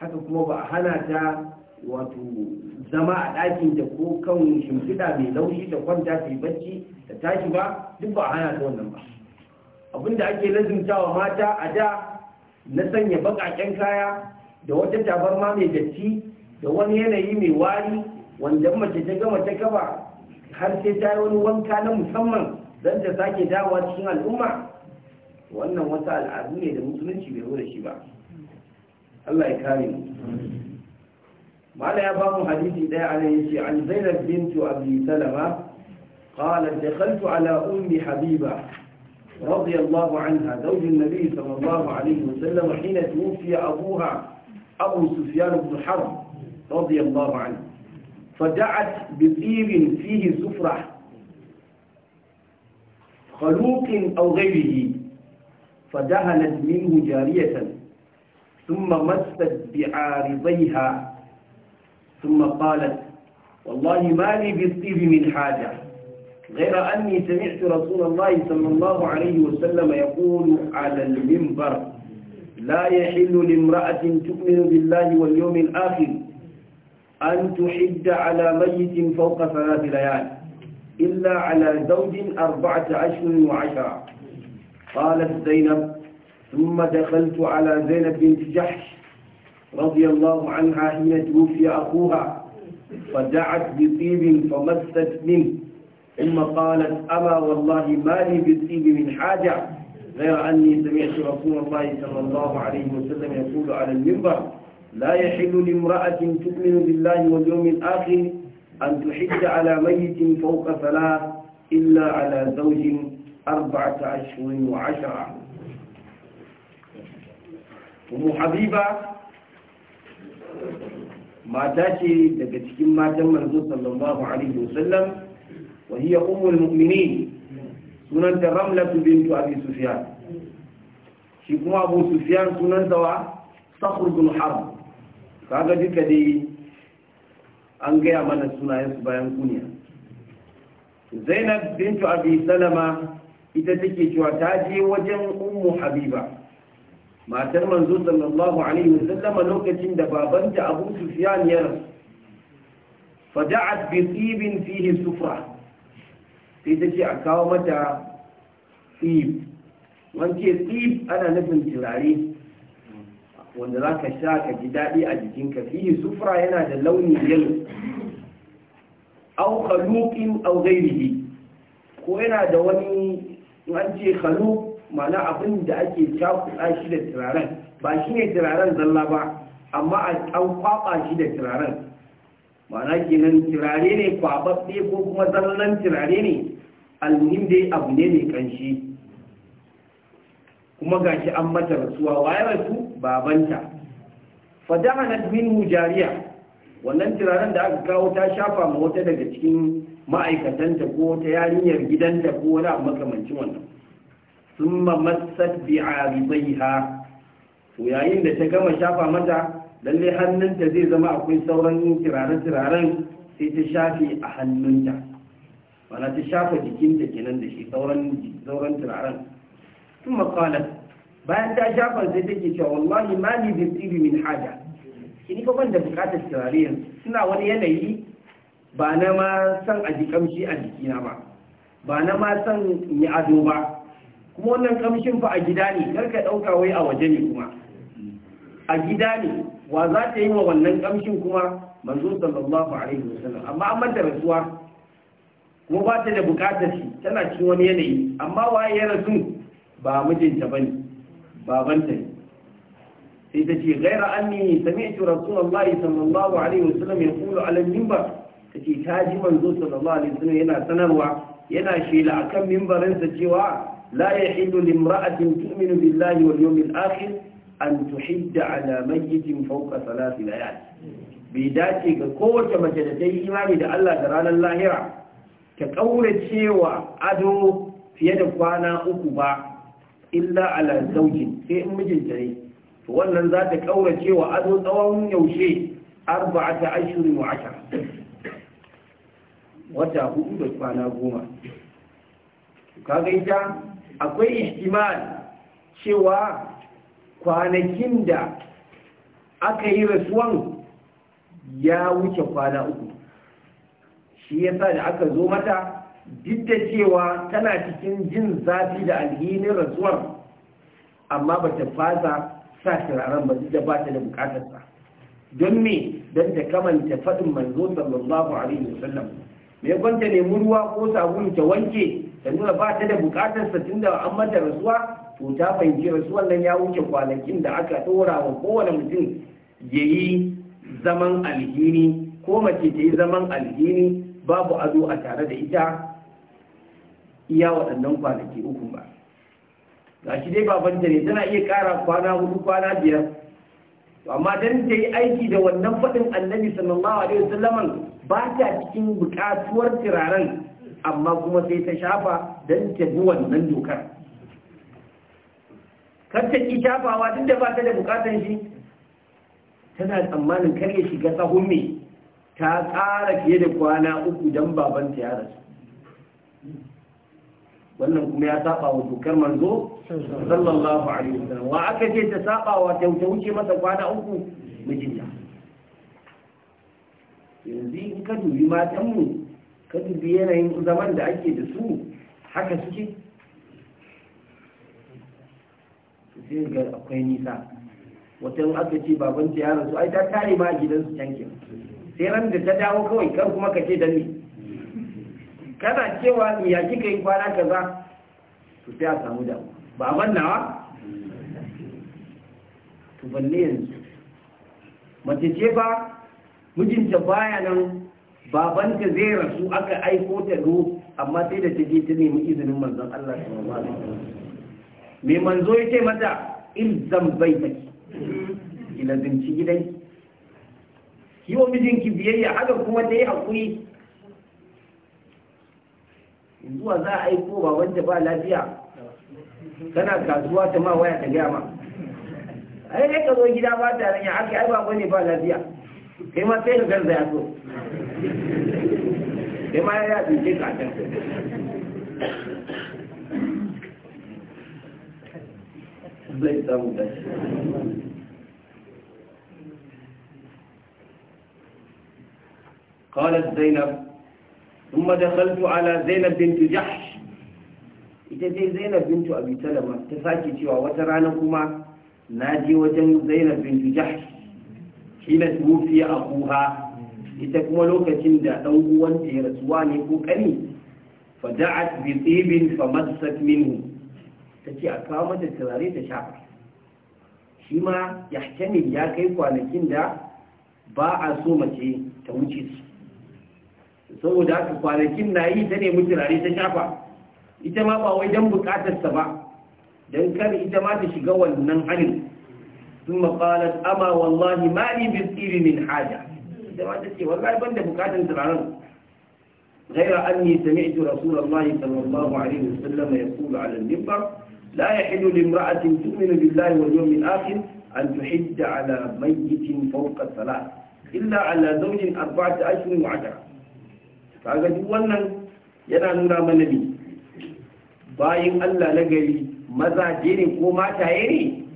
haka kuma ba a hana ta wato zama a ɗakin da ko kan shimfiɗa mai laushi ta kwanta ta yi bacci ta tashi ba duk ba a hana ta wannan ba Abin da ake lazimtawa mata a da na sanya baƙaƙen kaya da wata tabarma mai datti da wani yanayi mai wari wanda mace ta gama ta kafa har sai ta yi wani wanka na musamman don ta sake dawowa cikin al'umma wannan wata al'adu ne da musulunci bai zo da shi ba Allah ya kare mu mala ya bamu hadisi daya a ana yace an zainab bintu abi salama قالت دخلت على أم حبيبة رضي الله عنها زوج النبي صلى الله عليه وسلم حين توفي أبوها أبو سفيان بن حرب رضي الله عنه فدعت بطير فيه سفرة خلوق أو غيره فدهنت منه جارية ثم مست بعارضيها ثم قالت والله ما لي بالطيب من حاجة غير أني سمعت رسول الله صلى الله عليه وسلم يقول على المنبر لا يحل لامرأة تؤمن بالله واليوم الآخر أن تحد على ميت فوق ثلاث ليال إلا على زوج أربعة أشهر وعشرة قالت زينب ثم دخلت على زينب بنت جحش رضي الله عنها حين توفي أخوها فدعت بطيب فمست منه ثم قالت أما والله ما لي بطيب من حاجة غير أني سمعت رسول الله صلى الله عليه وسلم يقول على المنبر لا يحل لامرأة تؤمن بالله واليوم الآخر أن تحج على ميت فوق ثلاث إلا على زوج أربعة أشهر وعشرة أم حبيبة ما تاتي لكتك ما تم صلى الله عليه وسلم وهي أم المؤمنين سننت رملة بنت أبي سفيان شكو أبو سفيان سنن صخر بن حرب kaga duka dai an gaya mana sunayensu bayan kuniya zainab bintu abi salama ita take cewa ta je wajen ummu habiba matar manzo sallallahu alaihi wasallam lokacin da babanta abu sufyan ya rasu fada'at bi tibin fihi sufra sai ta ce a kawo mata tib wance tib ana nufin turare wanda za ka sha ka ji daɗi a jikinka fiye sufra yana da launi yalo au khaluqin au ghairihi ko yana da wani an ce khaluq ma'ana abin da ake cakuɗa shi da turaren ba shi ne turaren zalla ba amma an kwaɓa shi da turaren ma'ana kenan turare ne kwaɓaɓɓe ko kuma zallan turare ne almuhim dai abu ne mai ƙanshi kuma gashi an mata rasuwa waye rasu babanta fadahanat minhu jariya wannan tiraren da aka kawo ta shafa ma wata daga cikin ma'aikatanta ko wata yarinyar gidanta ko wani abu makamancin wannan sun mamassat bi to yayin da ta gama shafa mata lalle hannunta zai zama akwai sauran tirare-tiraren sai ta shafe a hannunta mana ta shafa jikinta kenan da shi sauran tiraren. sun makalar bayan ta shafa sai take cewa wallahi ma ni bi tsibi min haja kini fa ban da bukatar turare suna wani yanayi ba na ma san a ji kamshi a jikina ba ba na ma san yi ado ba kuma wannan kamshin fa a gida ne kar ka dauka wai a waje ne kuma a gida ne wa za ta yi wa wannan kamshin kuma manzo sallallahu alaihi wasallam amma an manta rasuwa kuma ba ta da bukatar shi tana cikin wani yanayi amma waye ya rasu ba mijinta ba ne babanta ne sai ta ce gaira anni sami'tu rasulullahi sallallahu alaihi wasallam ya ala minbar tace ta ji manzo sallallahu alaihi wasallam yana sanarwa yana shela akan mimbarinsa cewa la yahillu limra'atin tu'minu billahi wal yawmil akhir an tuhidda ala mayyitin fawqa salasi layal bai dace ga kowace mace da ta yi imani da Allah da ranar lahira ta kaura cewa ado fiye da kwana uku ba illa ala zauji sai in mijinta ne to wannan za ta kaurace wa azo tsawon yaushe arba'ata ashirin wa ashar wata hudu da kwana goma Ka kaga ita akwai ihtimal cewa kwanakin da aka yi rasuwan ya wuce kwana uku shi yasa da aka zo mata duk da cewa tana cikin jin zafi da alhinin rasuwar amma ba ta fasa sa turaren ba duk da ba ta da bukatarsa don me don ta kamanta faɗin manzo sallallahu alaihi wasallam mai kwanta ne ruwa ko sabulu ta wanke ta nuna ba ta da bukatarsa tun da an mata rasuwa to ta fahimci rasuwar nan ya wuce kwanakin da aka ɗora wa kowane mutum ya yi zaman alhini ko mace ta yi zaman alhini babu ado a tare da ita iya waɗannan kwanaki uku ba ga shi dai babanta ne tana iya ƙara kwana hudu kwana biyar amma dan ta yi aiki da wannan faɗin annabi sallallahu alaihi wasallam ba ta cikin buƙatuwar turaren amma kuma sai ta shafa dan ta bi wannan dokar kar ta ki shafawa duk da ba ta da buƙatar shi tana tsammanin kar ya shiga sahun me ta ƙara fiye da kwana uku dan babanta ya rasu wannan kuma ya saba wa dokar manzo sallallahu alaihi wasallam wa aka ce ta saba wa ta wuce masa kwana uku mijinta yanzu in ka dubi matanmu ka dubi yanayin zaman da ake da su haka suke sai ga akwai nisa wata yin aka ce babanta ya rasu ai ta tare ma a gidansu canke sai ran da ta dawo kawai kar kuma ka ce dan kana cewa ya kika yi kwana kaza to sai a samu damu ba a mannawa to balle yanzu mace ce ba mijinta baya nan babanta zai rasu aka aiko ta do amma sai da ta je ta nemi izinin manzon Allah sallallahu alaihi wasallam me manzo yace mata ilzam baitaki ki gidai yi wa mijinki biyayya haka kuma ta yi hakuri zuwa za a aiko ba wanda ba lafiya kana kasuwa ta ma waya ta gaya ma ai dai ka zo gida ba ta ranya aka ai ba bane ba lafiya kai ma sai ka garza ya so kai ma ya tsince ka can zai samu da قالت زينب ثم دخلت على زينب بنت جحش ita dai zainab bintu abi talama ta sake cewa wata rana kuma na je wajen zainab bintu jahsh shi na tufi a kuha ita kuma lokacin da dan ta ya rasuwa ne ko kani fa da'at bi tibin fa massat minhu tace a kawo mata turare ta sha shi ma yahtamil ya kai kwanakin da ba a so mace ta wuce su saboda haka kwanakin na yi ta nemi turare ta shafa ita ma ba wai don bukatarsa ba don kar ita ma ta shiga wannan hannun sun maƙalar ama wallahi mali tsiri min haja ita ma ta ce wallahi ban da bukatar turaren غير أني سمعت رسول الله صلى الله عليه وسلم يقول على المنبر لا يحل لامرأة تؤمن بالله واليوم الآخر أن تحد على ميت فوق الثلاث إلا على زوج أربعة أشهر وعشرة kaga duk wannan yana nuna mana ne bayan Allah na gari mazaje ne ko mataye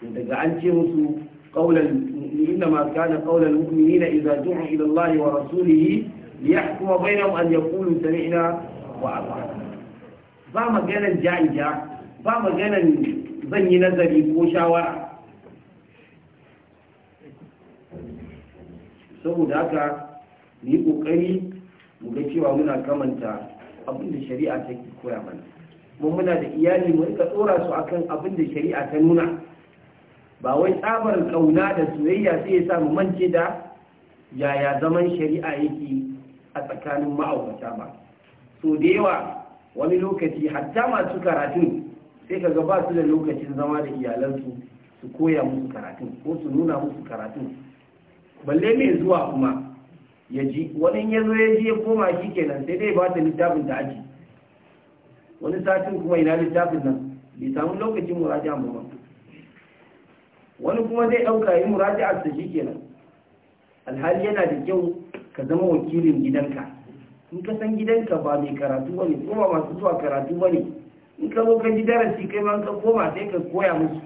ne daga an ce musu qaulan inna ma kana qaulal mu'minina idza du'u ila Allah wa rasulihi liyahkuma bainahum an yaqulu sami'na wa ata'na ba maganan ja'ija ba maganan zan yi nazari ko shawara saboda haka Ni kokari ƙoƙari mu ga cewa muna kamanta abin da shari'a ta koya mana mu muna da iyali mu rika tsora su akan abin da shari'a ta nuna ba wai tsabar kauna da soyayya sai ya sa mu mance da yaya zaman shari'a yake a tsakanin ma'aurata ba so da yawa wani lokaci hatta masu karatun sai ka ga ba su da lokacin zama da iyalansu su koya musu karatun ko su nuna musu karatun balle mai zuwa kuma ya ji wani ya zo ya ji ya koma shi kenan sai dai ba ta littafin da aji wani satin kuma ina littafin nan bai samu lokacin muraja ba ba wani kuma zai ɗauka yi muraja a shi kenan alhali yana da kyau ka zama wakilin gidanka in ka san gidanka ba mai karatu ba ne ba masu zuwa karatu ba ne in ka zo ka ji darasi kai ma ka koma sai ka koya musu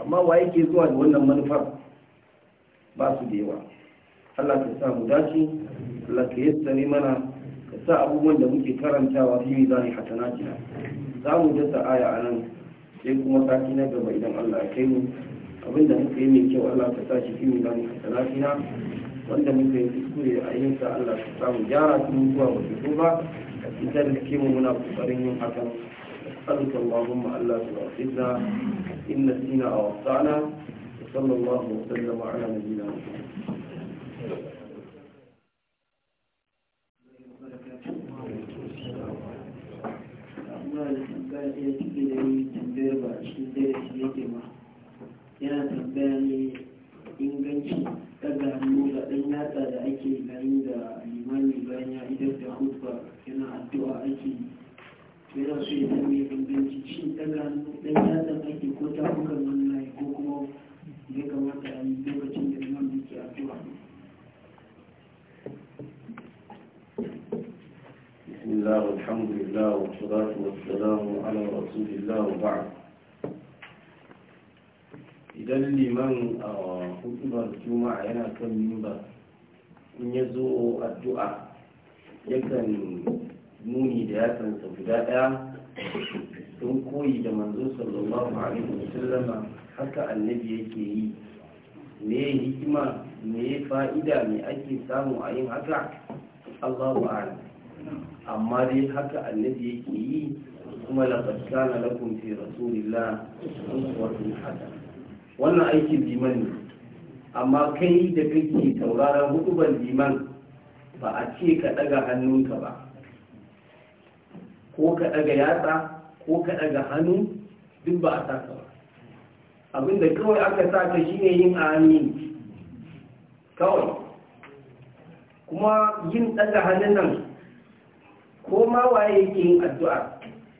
amma waye ke zuwa da wannan manufar ba su da yawa Allah ka sa mu dace Allah ka yassare mana ka sa abubuwan da muke karantawa fi mizani hasanatina za mu dasa aya a nan sai kuma sati na gaba idan Allah ya kai mu abinda muka yi mai kyau Allah ka sa shi fi mizani hasanatina wanda muka yi kuskure a yin sa Allah ka sa mu gyara su zuwa ba su ba ita da ke mu muna kokarin yin hakan أسألك اللهم ألا تؤاخذنا إن نسينا أو أخطأنا صلى الله وسلم على نبينا محمد yana tambaya ne inganci daga hannu da ɗan yatsa da ake yayin da limani bayan ya idar da yana addu'a ake yana so ya zama inganci shi daga hannu ɗan yatsa ake ko tafukan ko kuma ya kamata a yi lokacin da imam yake addu'a بسم الله والحمد لله والصلاة والسلام على رسول الله وبعد idan liman a hutubar juma'a yana kan mimba in ya zo addu'a yakan nuni da yakansa guda ɗaya don koyi da manzo sallallahu haka annabi yake yi me hikima me fa'ida me ake samu a yin haka allahu amma dai haka annabi yake yi kuma laqad kana lakum fi rasulillah uswatun hasana wannan aikin liman ne amma kai da kake tauraron hudubar liman ba a ce ka daga hannunka ba ko ka daga yatsa ko ka daga hannu duk ba a saka ba abinda kawai aka sa shi shine yin amin kawai kuma yin ɗaga hannun nan ko ma waye yake yin addu'a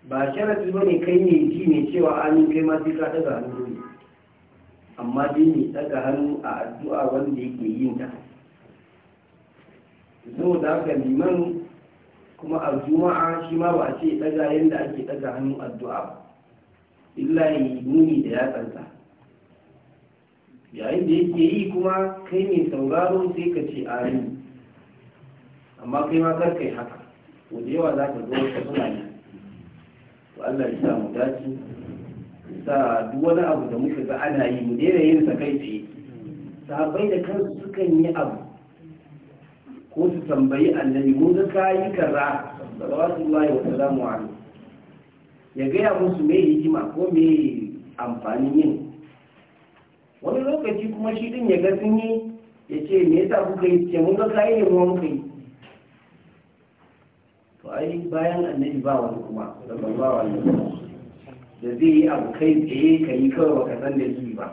ba sharafi ba ne kai ne ji ne cewa amin kai ma sai ka ɗaga hannu ne amma dai ne ɗaga hannu a addu'a wanda yake yin ta zo da aka liman kuma a juma'a shi ma ba a ce ɗaga yadda ake ɗaga hannun addu'a ba illa yi nuni da ya tsanta yayin da yake yi kuma kai ne sauraro sai ka ce amin amma kai ma kar kai haka wanda yawa za ka zo ka suna ne to Allah ya sa mu dace sa duk wani abu da muka ga ana yi mu daina yin sa kai tsaye sahabbai da kansu sukan yi abu ko su tambayi annabi mu ga kayi kaza salawatullahi wa salamu alaihi ya gaya musu me hikima ko me amfanin yin wani lokaci kuma shi din ya ga sun yi ya ce me yasa kuka yi ce mun ga kayi ne kuma muka yi to ai bayan annabi ba wani kuma sallallahu ba wani da zai yi abu kai tsaye ka yi kawai baka san da shi ba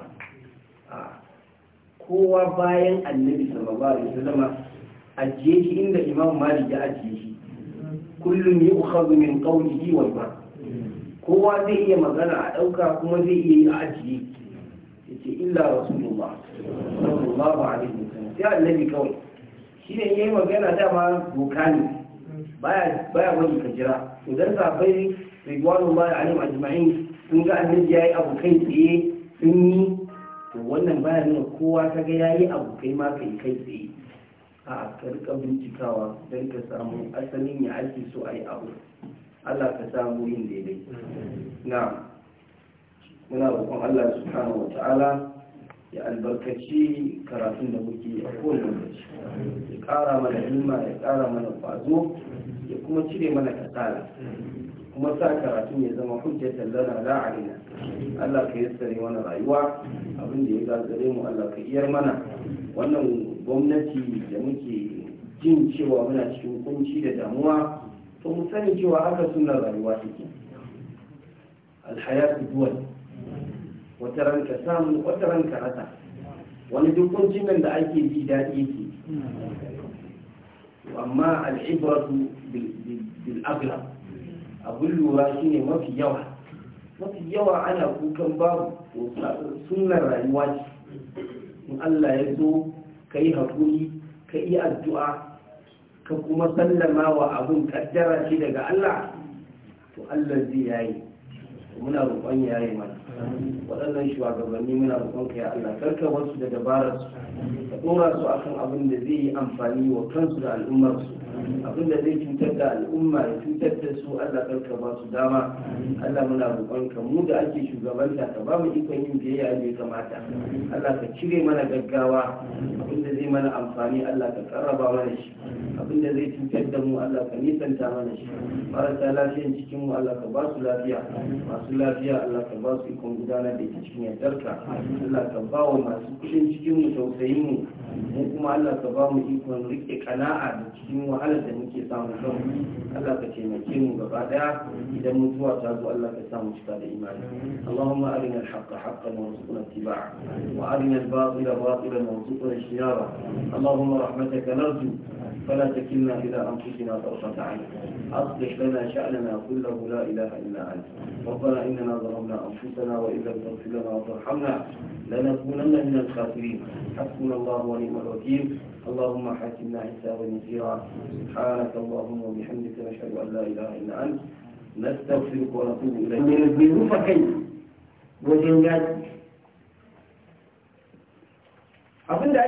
kowa bayan annabi sallallahu alaihi wasallam ajiye shi inda imam malik ya ajiye shi kullum yi ukhadhu min qawlihi wal ba kowa zai iya magana a dauka kuma zai iya yi a ajiye yake illa rasulullah sallallahu alaihi wasallam ya annabi kawai shine yayi magana dama doka ne baya baya wani ka jira idan sahabbai ridwanullahi alaihim ajma'in sun ga annabi yayi abu kai tsaye sun yi to wannan baya nuna kowa ta kaga yayi abu kai ma kai kai tsaye a rika bincikawa don ka samu asalin ya ake so a yi abu allah ka samu yin daidai na muna roƙon Allah subhanahu wa ta'ala ya albarkaci karatun da muke a kowane lokaci ya ƙara mana himma ya kara mana ƙwazo ya kuma cire mana kasala kuma sa karatun ya zama hujjatan lana la alaina Allah ka yassare mana rayuwa abinda da ya gagare mu Allah ka iyar mana wannan gwamnati da muke jin cewa muna cikin kunci da damuwa to mu sani cewa haka suna rayuwa take alhayatu duwal wata ranka samu wata ranka rasa wani duk kuncin nan da ake ji daɗi ke amma al'ibratu bil aghlab abin lura ne mafi yawa mafi yawa ana kukan babu sunan rayuwa ce in Allah ya zo ka yi haƙuri ka yi addu'a ka kuma sallama wa abin kaddara shi daga Allah to Allah zai yayi muna roƙon yayi mana waɗannan shugabanni muna roƙon ka ya Allah karka wasu da dabarar su ka ɗora su akan abin da zai yi amfani wa kansu da al'ummar su abin da zai cutar da al'umma ya cutar da su Allah karka ba su dama Allah muna roƙon ka mu da ake shugabanta ka ba mu ikon yin biyayya da ya kamata Allah ka cire mana gaggawa abin da zai mana amfani Allah ka karraba mana shi abin da zai cutar da mu Allah ka nisanta mana shi marasa lafiyan cikin mu Allah ka ba su lafiya masu lafiya Allah ka ba su cikin gudanar da ita cikin yardarka Allah ka ba wa masu kudin cikin mu tausayin mu mu kuma Allah ka ba mu ikon rike kana'a da cikin wahalar da muke samu kan Allah ka taimake mu gaba daya idan mu zuwa ta zo Allah ka sa mu cika da imani Allahumma arina al-haqqa haqqan warzuqna ittiba'a wa arina al-batila batilan warzuqna ijtinaba Allahumma rahmataka narju فلا تكلنا إلى أنفسنا طرفة عين أصلح لنا شأننا كله لا إله إلا أنت ربنا إننا ظلمنا أنفسنا ربنا وإن لم تغفر لنا وترحمنا لنكونن من الخاسرين حسبنا الله ونعم الوكيل اللهم حاكمنا حسابا يسيرا سبحانك اللهم وبحمدك نشهد أن لا إله إلا أنت نستغفرك ونتوب إليك من الظروف كيف وجنات أبدا